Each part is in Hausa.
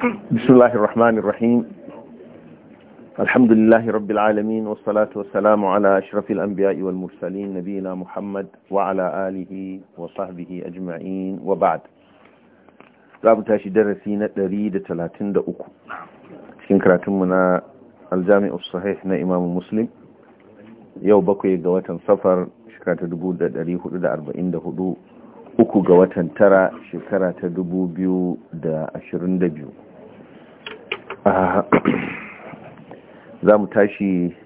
بسم الله الرحمن الرحيم الحمد لله رب العالمين والصلاة والسلام على أشرف الأنبياء والمرسلين نبينا محمد وعلى آله وصحبه أجمعين وبعد رابط تاشي درسينا دريد تلاتين دأكو شكرا الجامع الصحيح نا إمام مسلم yau bakwai ga watan safar shekara ta dubu da dari hudu da arba'in da hudu uku ga watan tara shekara ta dubu biyu da ashirin da biyu za mu tashi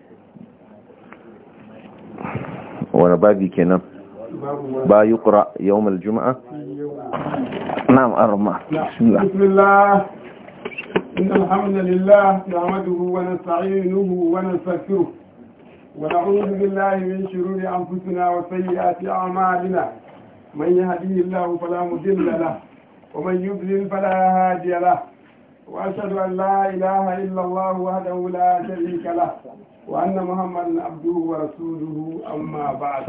wani babi kenan ba yi ƙura yau mal juma'a na'am arma bismillah إن الحمد لله نعمده ونستعينه ونستغفره ونعوذ بالله من شرور أنفسنا وسيئات أعمالنا من يهديه الله فلا مضل له ومن يضلل فلا هادي له وأشهد أن لا إله إلا الله وحده لا شريك له وأن محمدا عبده ورسوله أما بعد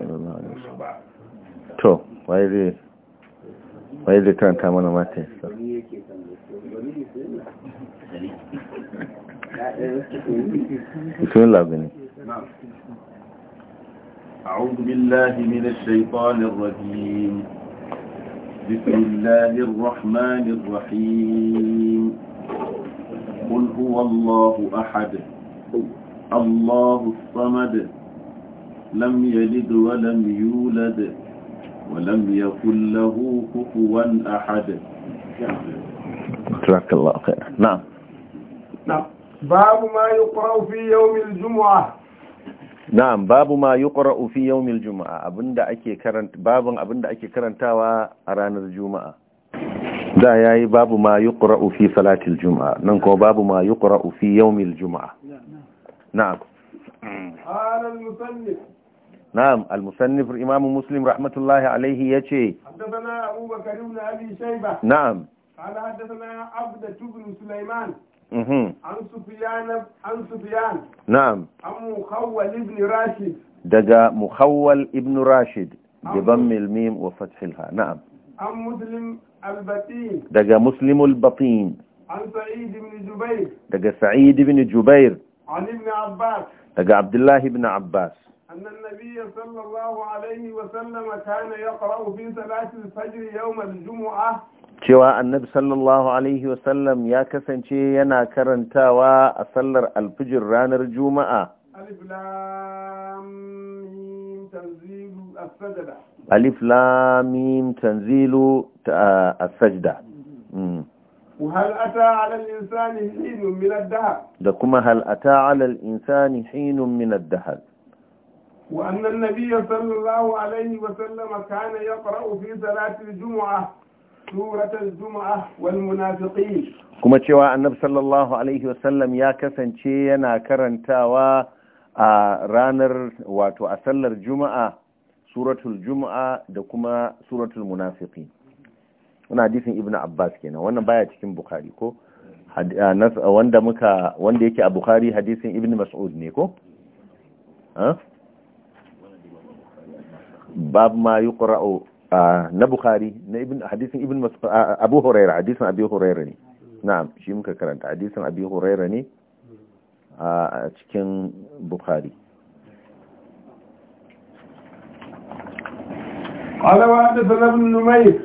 to wai zai ويلي zai karanta mana mata yasa أعوذ بالله من الشيطان الرجيم بسم الله الرحمن الرحيم قل هو الله أحد الله الصمد لم يلد ولم يولد ولم يكن له كفوا أحد جزاك الله خير نعم نعم باب ما يقرأ في يوم الجمعة Na'am babu ma yuqra'u fi yawmil juma'a abinda ake karanta babun abinda ake karantawa a ranar juma'a دا ياي باب ما يقرا في صلاه الجمعه ننكو باب ما يقرا في يوم الجمعه نعم نعم قال المصنف نعم المصنف الإمام مسلم رحمه الله عليه يجي حدثنا ابو بكر بن ابي شيبه نعم قال حدثنا عبد بن سليمان اها mhm. عن سفيان عن سفيان نعم عن مخول بن راشد دجا مخول بن راشد بضم الميم وفتح الهاء نعم عن مسلم daga muslimul batin daga sa'id ibn jubair daga abdullahi ibn abbas أن النبي صلى الله عليه وسلم كان يقرأ في صلاة الفجر يوم الجمعة cewa annabi sallallahu alaihi wasallam ya kasance yana karantawa a sallar alfijir ranar juma'a alif lam mim tanzilu as ألف لام تنزيل السجدة وهل أتى على الإنسان حين من الدهر دكما هل أتى على الإنسان حين من الدهر وأن النبي صلى الله عليه وسلم كان يقرأ في صلاة الجمعة سورة الجمعة والمنافقين كما تشوى النبي صلى الله عليه وسلم يا كسن شينا كرنتا و رانر واتو أسلر جمعة suratul juma'a da kuma suratul munafiqi ina hadisin ibnu abbas kenan wannan baya cikin bukhari ko ah, ah, wanda muka wanda yake a bukhari hadisin ibnu mas'ud ne ko ah? bab ma yuqra'u na bukhari na ibn hadisin ibn mas'ud abu huraira hadisin abu huraira ne na'am shi muka karanta hadisin abu huraira ne a cikin bukhari قال وحدثنا ابن نمير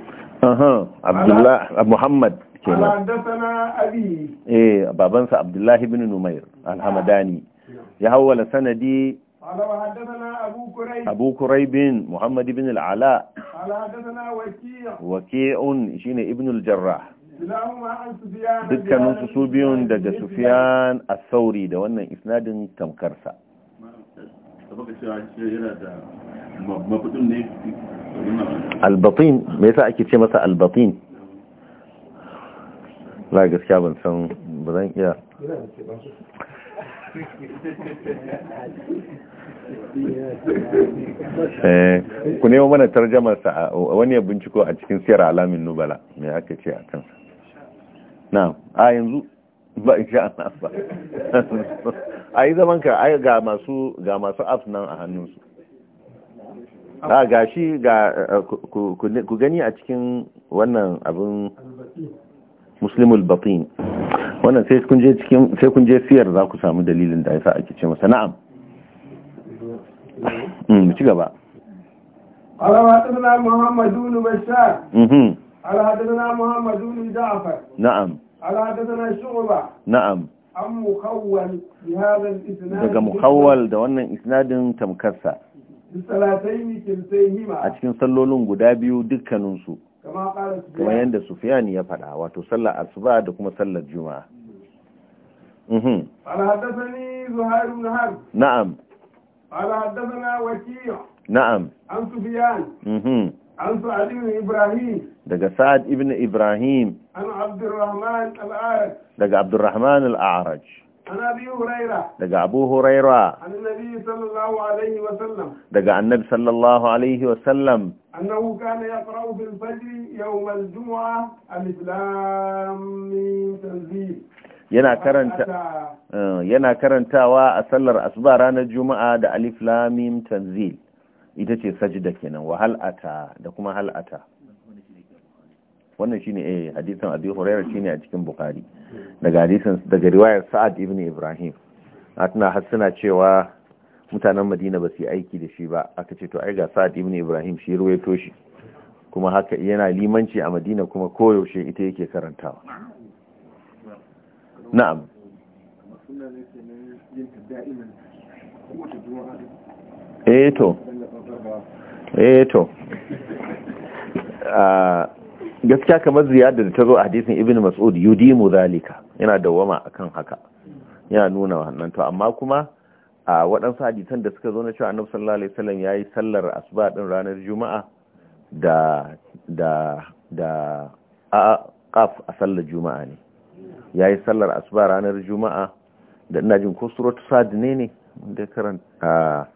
اها عبد الله محمد كنا حدثنا ابي ايه بابنسا عبد الله بن نمير الحمداني يحول سندي قال وحدثنا ابو كريب ابو كريب محمد بن العلاء قال حدثنا وكيع وكيع شيني ابن الجراح dukkaninsu su biyun daga sufiyan a sauri da wannan isnadin tamkarsa albatin me yasa ake ce masa albatin la gaskiya ban san ba zan iya eh, ku nemo mana sa wani ya binciko a cikin siyar alamin nubala me aka ce a kansa na a yanzu ba in sha Allah ba a yi zamanka ga masu masu nan a hannunsu a ah, ga shi eh, ga ku gani a cikin wannan abin muslimul batin wannan sai kun je siyar za ku samu dalilin da ya sa ake ce masa na'am mm ci gaba alhamdulillah muhammadu bin bashar mhm muhammadu bin ja'far na'am alhamdulillah shu'ba na'am An mukhawwal bi hadha al-isnad daga mukhawwal da wannan isnadin tamkarsa a cikin sallolin guda biyu dukkaninsu kamar yadda sufiyan ya fada wato sallar asuba da kuma sallar juma'a mhm alhaddathani na har na'am haddasa na wakiyya na'am an sufiyan mhm an su ibn ibrahim daga sa'ad ibn ibrahim an abdurrahman al'araj. daga abdurrahman al'araj. daga abu huraira daga annabi sallallahu alaihi wasallam أنه كان يقرأ في الفجر يوم الجمعة الإسلام تنزيل yana karanta yana karantawa a sallar asuba ranar juma'a da alif lam mim tanzil ita ce sajda kenan wa hal'ata da kuma hal'ata wannan shine eh hadisin abi hurairah shine a cikin bukhari daga hadisin daga riwayar sa'ad ibn ibrahim atna hasana cewa mutanen madina ba su yi aiki da shi ba aka ce to ai ga sa'ad ibn ibrahim shi ruwaito shi kuma haka yana limanci a madina kuma koyaushe ita yake karantawa na'am eh to eh to ah, gaskiya kamar ziyada da ta zo a hadisin ibn mas'ud yudimu zalika yana dawama akan haka yana nuna wannan to amma kuma a waɗansu hadisan da suka zo na cewa annabi sallallahu alaihi wasallam yayi sallar asuba din ranar juma'a da da da a qaf a sallar juma'a ne yayi sallar asuba ranar juma'a da ina jin ko suratu sad ne ne da karanta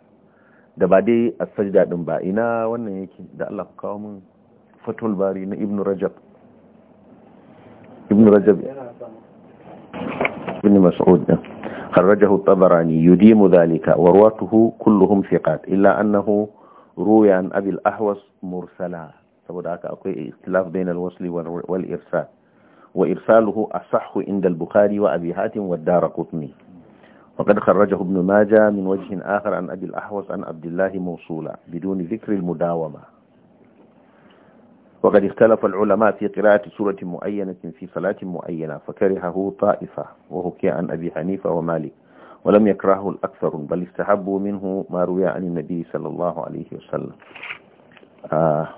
da ba dai as din ba ina wannan yake da Allah ka kawo mun فتح الباري ابن رجب ابن رجب ابن مسعود خرجه الطبراني يديم ذلك ورواته كلهم ثقات إلا أنه روي عن أبي الأحوص مرسلا فبدأك أقول اختلاف بين الوصل والإرسال وإرساله أصح عند البخاري وأبي حاتم والدار قطني وقد خرجه ابن ماجه من وجه آخر عن أبي الأحوص عن عبد الله موصولا بدون ذكر المداومة وقد اختلف العلماء في قراءة سورة معينة في صلاة معينة فكرهه طائفة وحكي عن أبي حنيفة ومالك ولم يكرهه الأكثر بل استحبوا منه ما روي عن النبي صلى الله عليه وسلم آه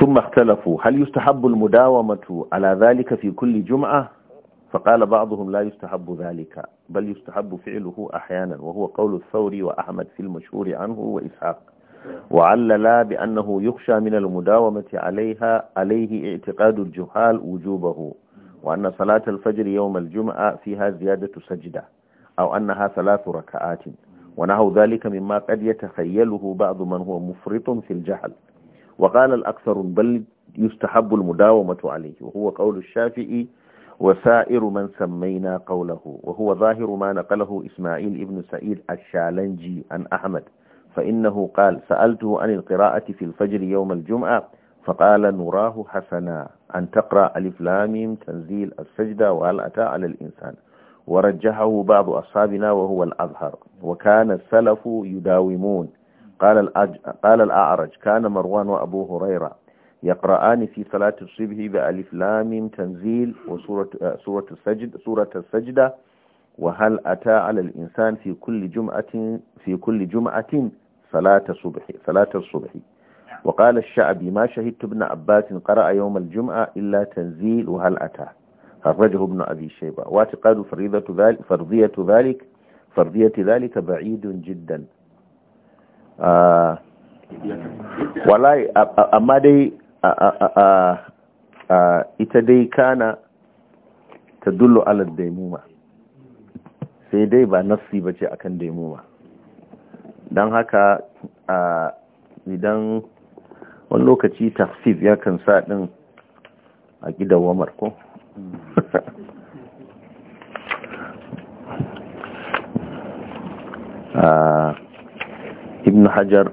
ثم اختلفوا هل يستحب المداومة على ذلك في كل جمعة فقال بعضهم لا يستحب ذلك بل يستحب فعله أحيانا وهو قول الثوري وأحمد في المشهور عنه وإسحاق وعلل بأنه يخشى من المداومة عليها عليه اعتقاد الجهال وجوبه وأن صلاة الفجر يوم الجمعة فيها زيادة سجدة أو أنها ثلاث ركعات ونحو ذلك مما قد يتخيله بعض من هو مفرط في الجهل وقال الأكثر بل يستحب المداومة عليه وهو قول الشافعي وسائر من سمينا قوله وهو ظاهر ما نقله إسماعيل ابن سعيد الشالنجي عن أحمد فإنه قال سألته عن القراءة في الفجر يوم الجمعة فقال نراه حسنا أن تقرأ ألف لاميم تنزيل السجدة وهل أتى على الإنسان ورجحه بعض أصحابنا وهو الأظهر وكان السلف يداومون قال, الأج... قال الأعرج كان مروان وأبو هريرة يقرآن في صلاة الصبح بألف لام تنزيل وسورة سورة السجد سورة السجدة وهل أتى على الإنسان في كل جمعة في كل جمعة صلاة الصبح صلاة الصبح وقال الشعبي ما شهدت ابن عباس قرأ يوم الجمعة إلا تنزيل وهل أتى خرجه ابن أبي شيبة واعتقاد فريضة ذلك فرضية ذلك فرضية ذلك بعيد جدا آه ولا أما دي آه، آه، آه، إتدي كان تدل على الديمومة sai dai ba nassi ba ce akan daimuma don haka a idan wani lokaci tafsir ya kan sa din a gidan wamar ko ibn hajar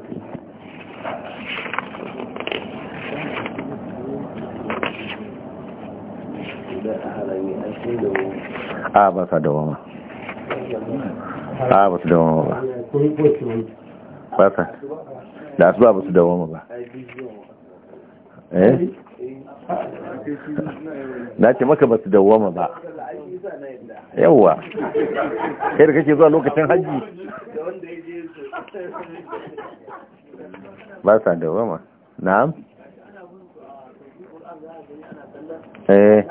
a ba sa da a ba su dawoma ba basa da asuba ba su dawoma ba eh na ce maka ba su dawoma ba yawwa kai da kake zuwa lokacin hajji ba sa dawoma na'am eh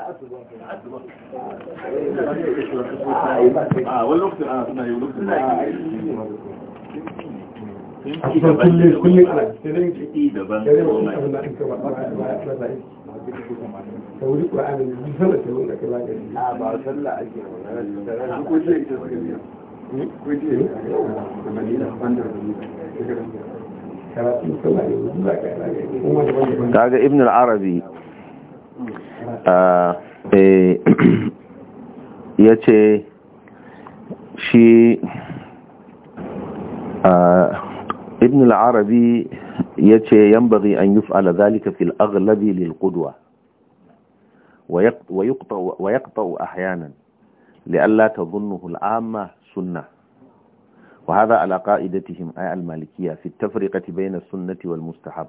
كل ابن العربي آه ya ce shi ibn al'arabi ya ce yan bari an yi fa'ala zalika fil aghlabi lil qudwa wa yaqta'u ahyanan لئلا تظنه العامة سنة وهذا على قائدتهم أي المالكية في التفرقة بين السنة والمستحب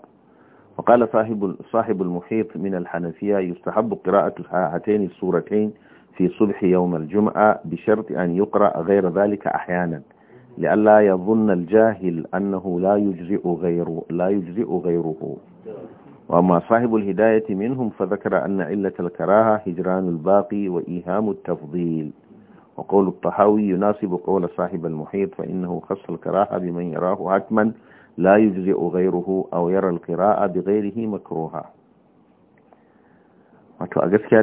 وقال صاحب, صاحب المحيط من الحنفية يستحب قراءة هاتين السورتين في صبح يوم الجمعة بشرط أن يقرأ غير ذلك أحيانا لئلا يظن الجاهل أنه لا يجزئ غيره لا يجزئ غيره وأما صاحب الهداية منهم فذكر أن علة الكراهة هجران الباقي وإيهام التفضيل وقول الطحاوي يناسب قول صاحب المحيط فإنه خص الكراهة بمن يراه حتما لا يجزئ غيره أو يرى القراءة بغيره مكروها wato a gaskiya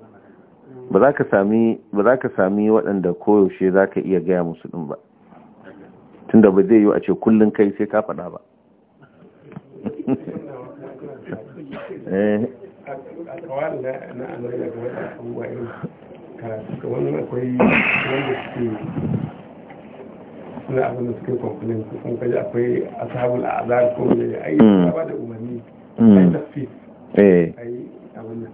ba za ka sami waɗanda koyaushe za ka iya gaya musu ɗin ba tunda ba zai yi a ce kullum kai sai ka faɗa ba suna abin da suke complain su kuma kaji akwai ashabul azar ko ne yi ba da umarni a yi tafi a yi abin nan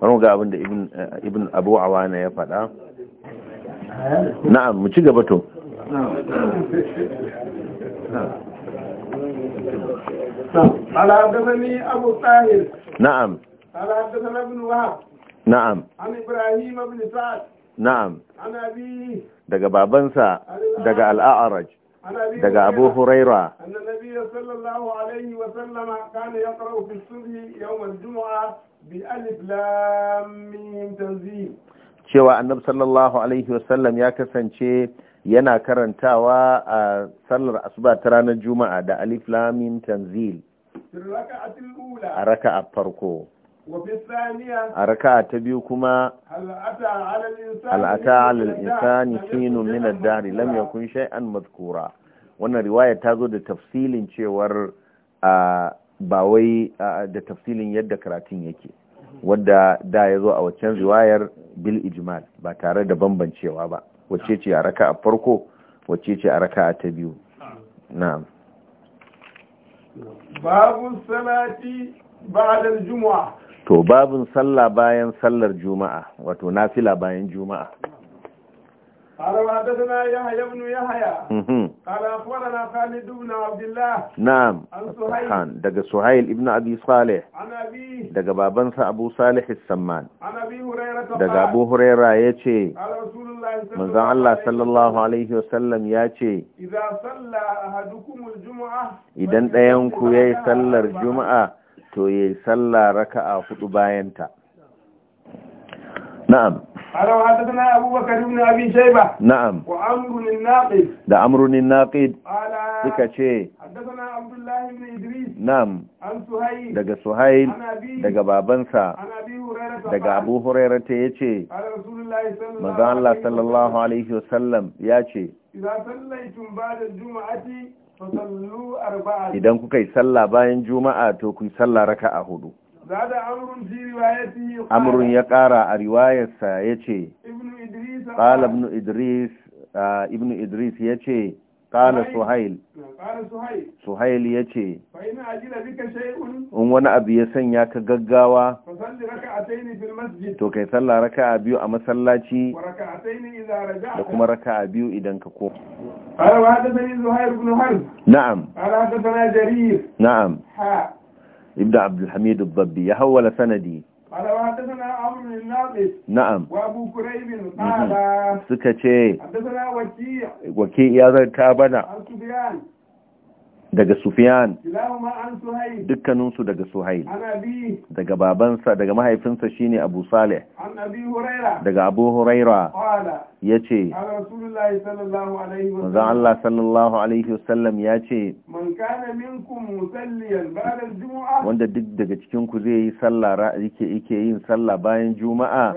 wani ga abin da ibn abu na ya faɗa na'am mu ci gaba to na'am na'am na'am daga babansa daga al'a'araj daga abu huraira annabi sallallahu alaihi wa sallama kana yaqra'u fi subhi yawm al cewa annabi sallallahu alaihi wasallam ya kasance yana karantawa a sallar asuba ta ranar juma'a da alif Lamin tanzil a a farko a raka ta biyu kuma al'ata alal insani hinu min ad-dahr lam yakun shay'an madhkura wannan riwaya ta zo da tafsilin cewar a ba wai da tafsilin yadda karatun yake wadda da ya zo a waccan riwayar bil ijmal ba tare da bambancewa ba wacce ce a raka a farko wacce ce a raka a ta biyu na'am babun salati ba'da juma'a to babun sallah bayan sallar juma'a wato nafila bayan juma'a قال حدثنا يحيى بن يحيى قال أخبرنا خالد بن عبد الله نعم عن دقى سهيل ابن أبي صالح عن أبيه دقى بابنسى أبو صالح السمان عن أبي هريرة دقى أبو هريرة يتي رسول الله من ذا الله صلى الله عليه وسلم يتي إذا صلى أحدكم الجمعة إذا أنت ينكو يسلى الجمعة تو يي يسلى ركعة خطباينتا نعم قالوا حدثنا أبو بكر بن أبي شيبة نعم وعمر الناقد ده عمر الناقد قال سكتشي حدثنا عبد الله بن إدريس نعم عن سهيل دقى سهيل دقى بابنسا دقى أبو هريرة يتشي قال رسول الله صلى الله عليه الله صلى الله عليه وسلم ياتشي إذا صليتم بعد الجمعة فصلوا أربعة إذا كنت صلى باين جمعة تو كنت صلى ركعة هدو amurin ya ƙara a riwayarsa ya ce ƙala ibn idris ya ce ƙala suhail suhail ya ce in wani abu ya sanya ka gaggawa to kai sallah raka a biyu a masallaci da kuma raka a biyu idan ka ko na'am na'am ابن عبد الحميد الضبي يحول سندي قال وحدثنا عمرو بن ناقص نعم وابو كريب قال سكتي حدثنا وكيع وكيع يا ذا تابنا عن سفيان daga Sufiyan, dukkaninsu daga Suhail daga babansa daga mahaifinsa shine Abu Saleh daga Abu Huraira ya ce. maza Allah sallallahu alaihi wasallam yace wanda duk daga cikin ku zai yi sallara yake yake yin sallah bayan juma'a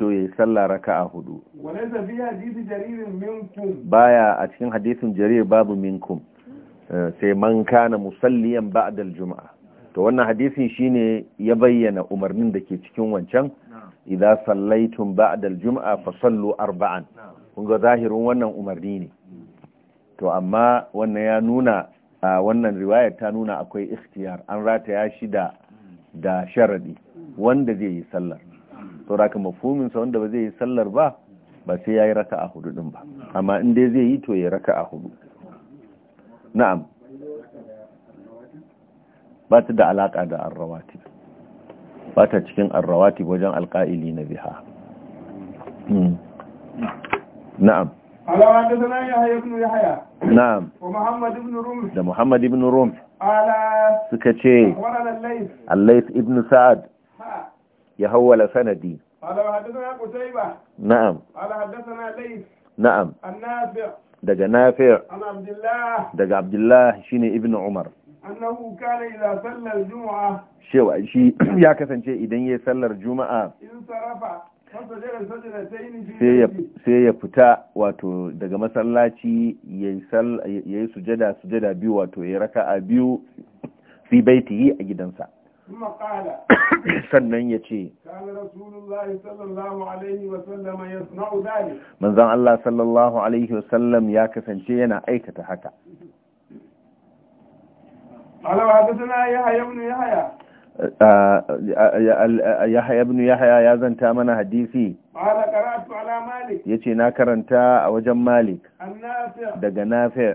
to yayi sallah raka'a hudu baya a cikin hadisin jarir babu minkum sai man kana musalliyan ba'dal juma'a to wannan hadisin shine ya bayyana umarnin da ke cikin wancan idza sallaitum ba'dal juma'a fa sallu arba'an kun ga zahirin wannan umarni ne mm. to amma wannan ya nuna a wannan riwayar ta nuna akwai ikhtiyar an rataya shi da mm. da sharadi mm. wanda zai yi sallar to raka mafhumin sa wanda ba zai yi sallar ba ba sai yayi raka'a hudu din ba amma in dai zai yi to yayi raka'a hudu na'am ba ta da alaƙa da arrawati ba ta cikin arrawati wajen alƙa'ili na biha hmm. na'am na'am da muhammad ibn rum suka ce allais ibn sa'ad ya hawala sanadi na'am na'am daga nafi' daga abdullah shine ibn umar ya kasance idan yayi sallar juma'a sai ya fita wato daga masallaci yayi sujada sujada biyu wato ya raka'a biyu fi baiti a gidansa sannan ya ce manzan Allah sallallahu alaihi wasallam ya kasance yana aikata haka yahaya ibn yahaya ya zanta mana hadisi ya ce na karanta a wajen malik daga nafi'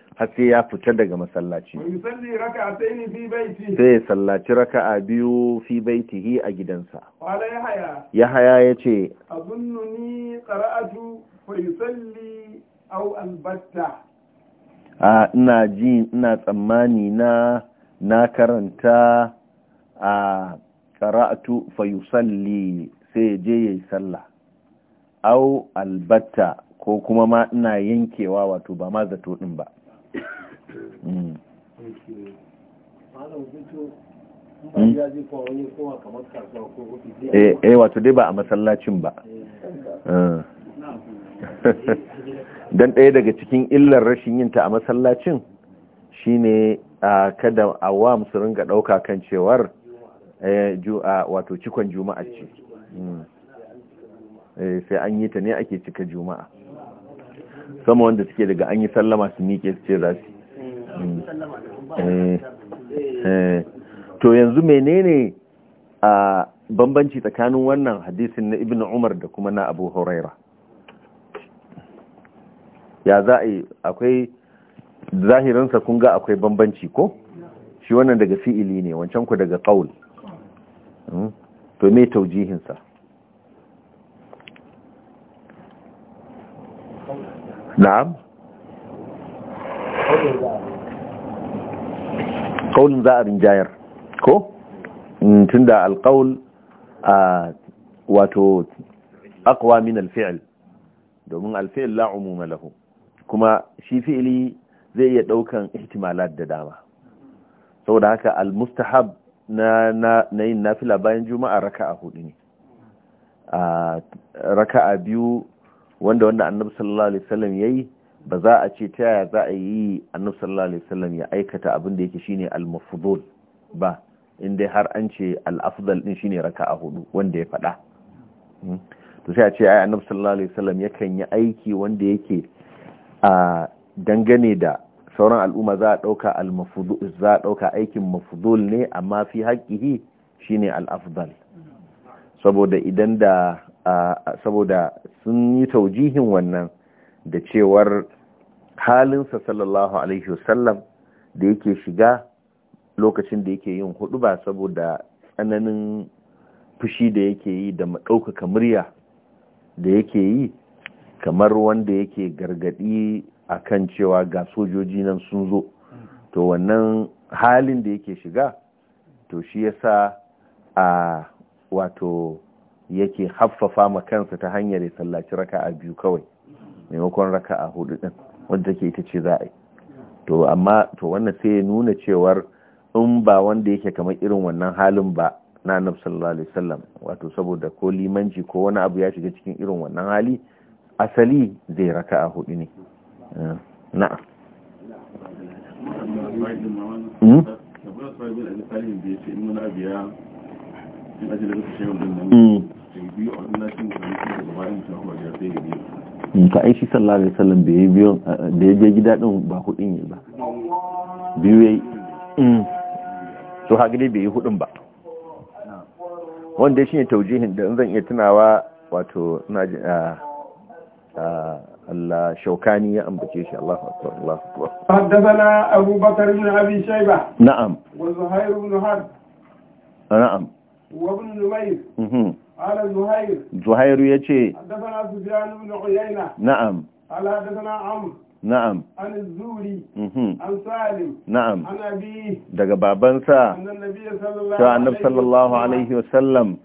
har sai ya fita daga masallaci sai sallaci sallaci a biyu fi baitihi a gidansa ya haya ya ce a ina ji ina tsammani na na karanta a qara'atu fayusalli sai je yi sallah au albatta ko kuma ma ina yankewa wato ba ma zato ɗin ba Mm. Eh, eh, eh wato dai ba a masallacin ba eh. ah. don ɗaya daga cikin illar rashin yin ta a masallacin shine a kada a wa su ringa ɗauka kan cewar wato cikon juma'a ce mm. sai an yi ta ne ake cika juma'a sama wanda suke daga an yi sallama su miƙe su ce za eh, eh. to yanzu menene a bambanci tsakanin wannan hadisin na ibn umar da kuma na abu huraira ya za a yi akwai zahirinsa kun ga akwai bambanci ko shi wannan daga fi'ili ne wancan ku daga ƙaul hmm? to me taujihinsa na'am kaulin za a rinjayar ko mm, tun da alkaul a wato akwa min alfi'il domin alfi'il la'umu malahu kuma shi fi'ili zai iya ɗaukan ihtimalat da dama saboda haka almustahab na na yin nafila bayan juma'a raka'a hudu ne raka'a biyu wanda wanda annabi sallallahu alaihi wasallam yayi ba za a ce ta yaya za a yi annabi sallallahu alaihi wasallam ya aikata abin da yake shine al-mafdhul ba dai har an ce al-afdal din shine raka'a hudu wanda ya fada hmm? to sai a ce ai annabi sallallahu alaihi wasallam yakan yi aiki wanda yake a dangane da sauran al'umma za a dauka al-mafdhul za a dauka aikin mafdhul ne amma fi haqqihi shine al-afdal saboda idan da saboda sun yi taujihin wannan da cewar halinsa sallallahu alaihi wasallam da yake shiga lokacin da yake yin hudu ba saboda tsananin fushi da yake yi da ɗaukaka murya da yake yi kamar wanda yake gargadi kan cewa ga sojoji nan sun zo to wannan halin da yake shiga to shi yasa a wato yake haffafa ma kansa ta hanyar ya sallaci raka'a biyu kawai maimakon raka'a hudu din wanda ke ita ce za a yi to amma to wannan sai ya nuna cewar in ba wanda yake kamar irin wannan halin ba na annabi sallallahu alaihi wasallam wato saboda ko limanci ko wani abu ya shiga cikin irin wannan hali asali zai raka'a hudu ne eh, na'am Mm. ka aishi sallah alaihi wasallam da ya biyo eh, eh, da ya je gida din ba hudin yi ba biyu ya yi. Mm. ha gidi bai yi hudun ba wanda shi ne taujihin da zan iya tunawa wato na ji ah, ah, Allah shaukani ya ambace shi Allahu akbar Allahu akbar haddathana Abu Bakar ibn Abi Shayba na'am wa Zuhair na har? na'am wa ibn zuhairu ya ce na'am na'am an zuri an salim na'am daga babansa ta sallallahu alaihi wasallam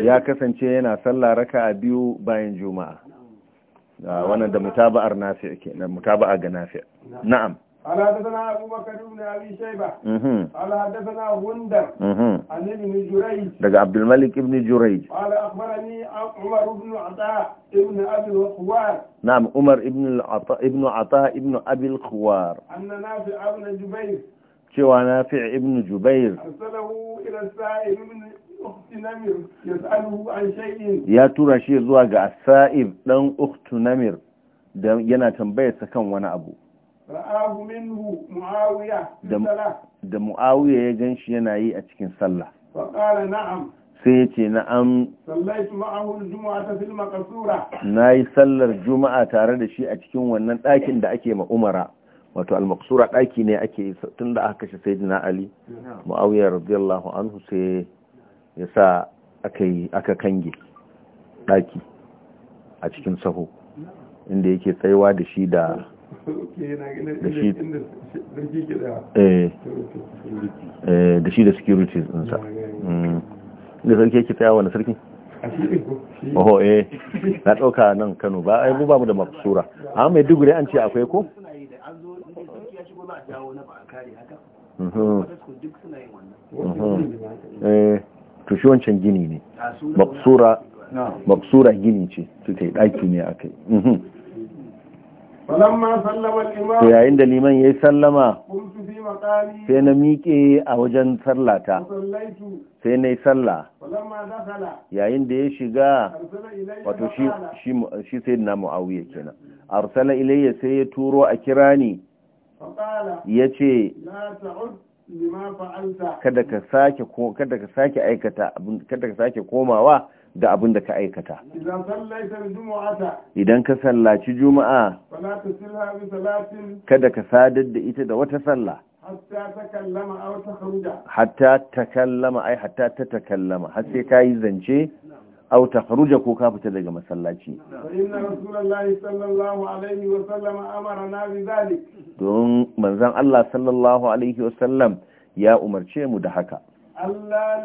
ya kasance yana salla raka a biyu bayan juma'a wannan da mutaba'ar nafi' kenan mutaba'a ga na'am قال حدثنا أبو بكر بن أبي شيبة قال حدثنا غندر عن ابن جريج دقى عبد الملك ابن جريج قال أخبرني عمر بن عطاء ابن أبي الخوار نعم عمر ابن العطاء ابن عطاء ابن أبي الخوار أن نافع ابن جبير شوى نافع ابن جبير أرسله إلى السائل ابن أخت نمر يسأله عن شيء يا ترى شيء زواج السائل دون أخت نمر yana tambayarsa kan wani abu da muawiya ya shi yana yi a cikin sallah sai ya ce na'am sallaitu ma'ahu nayi sallar juma'a tare da shi a cikin wannan ɗakin da ake ma umara wato al-maqsura ɗaki ne ake da aka kashe sayyidina ali muawiya radiyallahu anhu sai ya sa aka aka kange ɗaki a cikin saho inda yake tsayuwa da shi da Eh. Eh, da shi da security ɗinsa mm. da sarki yake tsaya wani sarki oho eh na ɗauka nan kano ba a yi ba mu da matsura amma mai dugure an ce akwai ko mhm. Mhm. Eh, to shi wancan gini ne Maksura gini ce su ta yi ɗaki ne a kai mhm. yayin da liman ya yi sallama sai na miƙe a wajen sallata sai na yi salla yayin da ya shiga wato shi sai na mu'awiyya kenan arsala ilayya sai ya turo a kira ni ya ce kada ka sake komawa da abin da ka aikata idan ka sallaci juma'a kada ka sadar da ita da wata sallah hatta ta kallama ai hatta ta ta kallama har sai ka yi zance au ta haruja ko ka fita daga masallaci don manzan Allah sallallahu alaihi wasallam ya umarce mu da haka Allah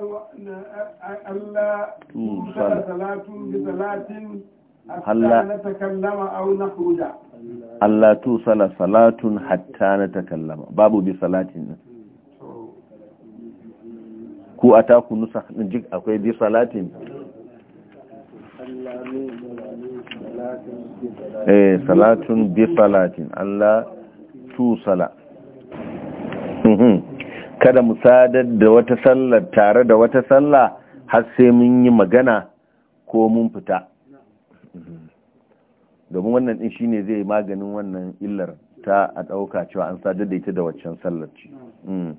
salatun bi salatin hatta na takallama au na huda. Allah tu sala salatun hatta na takallama babu bi salatin nan. Ku a taku nusa jik akwai bi salatin? Eh salatun bi salatin Allah tu sala. kada mu sadar da wata sallar tare da wata sallah har sai mun yi magana ko mun fita domin wannan din shine zai maganin wannan illar ta a ɗauka cewa an sadar da ita da waccan sallar ce mm.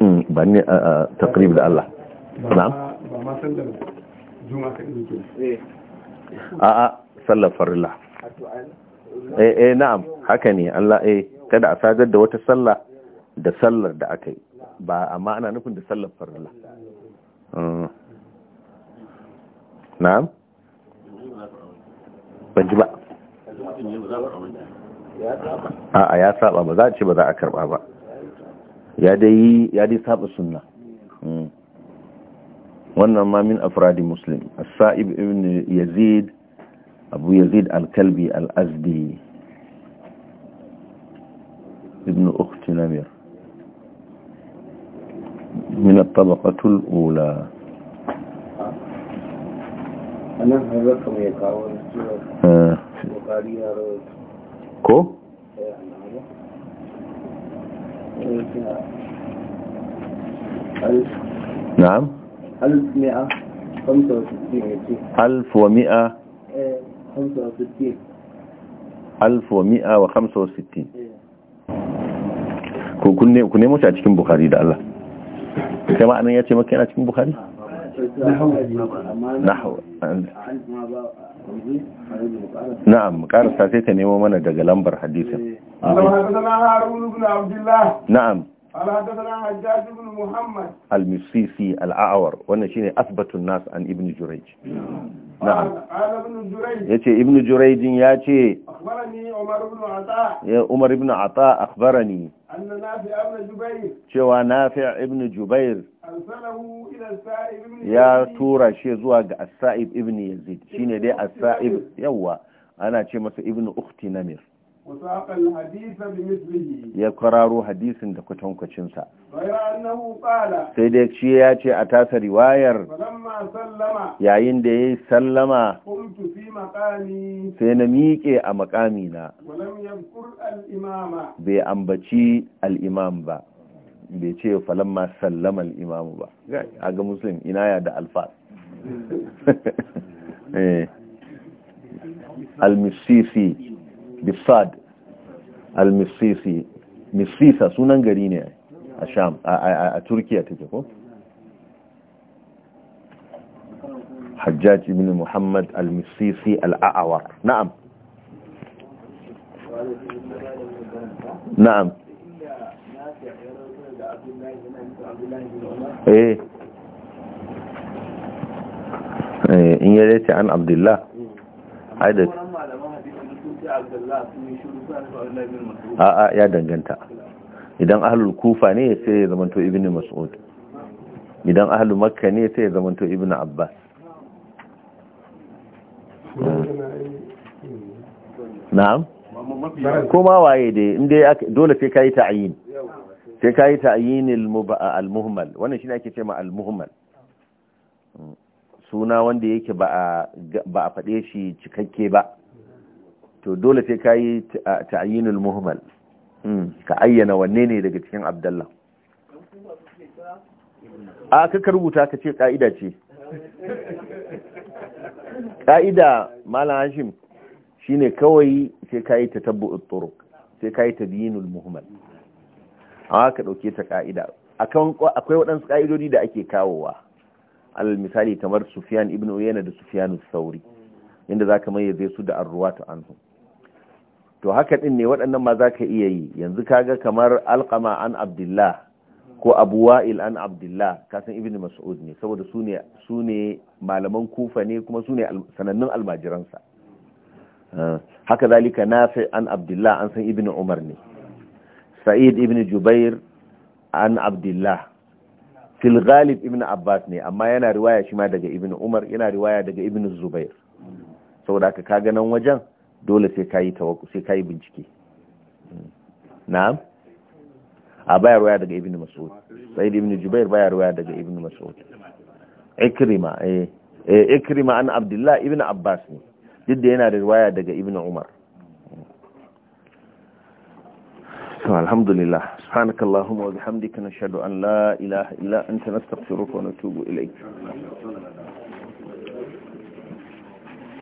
mm, ba ne a takrib da Allah ba ma sallar juma'a ka ɗin ke a a sallar farilla eh eh na'am haka ne Allah eh kada a sadar da wata sallah da sallar da aka yi ba amma ana nufin da sallar farilla mm. na'am ban ji ba a'a ya saba ba za a ce ba za a karba ba ya dai ya dai saba sunna mm. wannan ma min afradi muslim as-sa'ib ibn yazid أبو يزيد الكلبي الأزدي ابن أخت نمر من الطبقة الأولى أنا آه. كو نعم ألف مئة خمسة وستين ألف ومئة 65 1165 ko ku nemo shi a cikin bukhari da Allah sai ma anan ya ce maka yana cikin bukhari na'am karasa sai ka nemo mana daga lambar hadisin na'am قال حدثنا حجاج بن محمد المسيسي الأعور وانا شيني أثبت الناس عن ابن جريج نعم قال ابن جريج يتي ابن جريج ياتي أخبرني عمر بن عطاء يا عمر بن عطاء أخبرني أن نافع ابن جبير شوى نافع ابن جبير أرسله إلى السائب ابن يا تورا شي زواج السائب ابن يزيد شيني دي السائب يوا أنا شي مثل ابن أختي نمر ya kwararo hadisin da kwatankwacinsa sai dai shi ya ce a tasa riwayar yayin da ya yi sallama sai na miƙe a makamina bai ambaci al'imam ba bai ce falamma sallama al'imam ba a ga muslim ina ya da alfas eh. al-misisi بالصاد المصيصي مصيصة سنان قرينة الشام تركيا تجيكو حجاج بن محمد المصيصي الأعور نعم نعم ايه ايه ان يريت عن عبد الله عدد a'a ya danganta idan ahlul kufa ne sai ya zamanto ibn mas'ud idan ahlul makka ne sai ya zamanto ibn abbas na'am kuma waye dai inda dole sai kayi ta'yin sai kayi ta'yin al-muhmal wannan shine ake cewa al-muhmal suna wanda yake ba a faɗe shi cikakke ba to dole sai ka yi ta'ayyinul hmm, ka ayyana wanne ne daga cikin abdallah a ka rubuta ka ce ka'ida ce ka'ida malam hashim shine kawai sai ka yi tatabbu'ut turuq sai ka yi tabyinul muhimmal a ka dauke ta ka'ida akwai waɗansu ka'idodi da ake kawowa alal misali kamar Sufyan ibn uyana da Sufiyanu Sauri, inda za ka mai zai su da ta anhu to haka din ne waɗannan ma za ka iya yi yanzu kaga kamar alƙama an abdullah ko abu wa'il an abdullah kasan ibn mas'ud ne saboda su ne malaman kufa ne kuma su ne sanannun almajiransa ah, haka zalika nafi an abdullah an san ibn umar ne sa'id ibn jubair an abdullah fil ghalib ibn abbas ne amma yana riwaya shi ma daga ibn umar yana riwaya daga ibn zubair saboda haka kaga nan wajen dole sai kayi tawakku sai kayi bincike na'am a baya ruwaya daga ibn mas'ud sa'id ibn jubair baya ruwaya daga ibn mas'ud ikrima eh, eh ikrima an abdullah ibn abbas ne duk da yana da ruwaya daga ibn umar to alhamdulillah subhanakallahumma wa bihamdika nashhadu an la ilaha illa anta nastaghfiruka wa natubu ilayk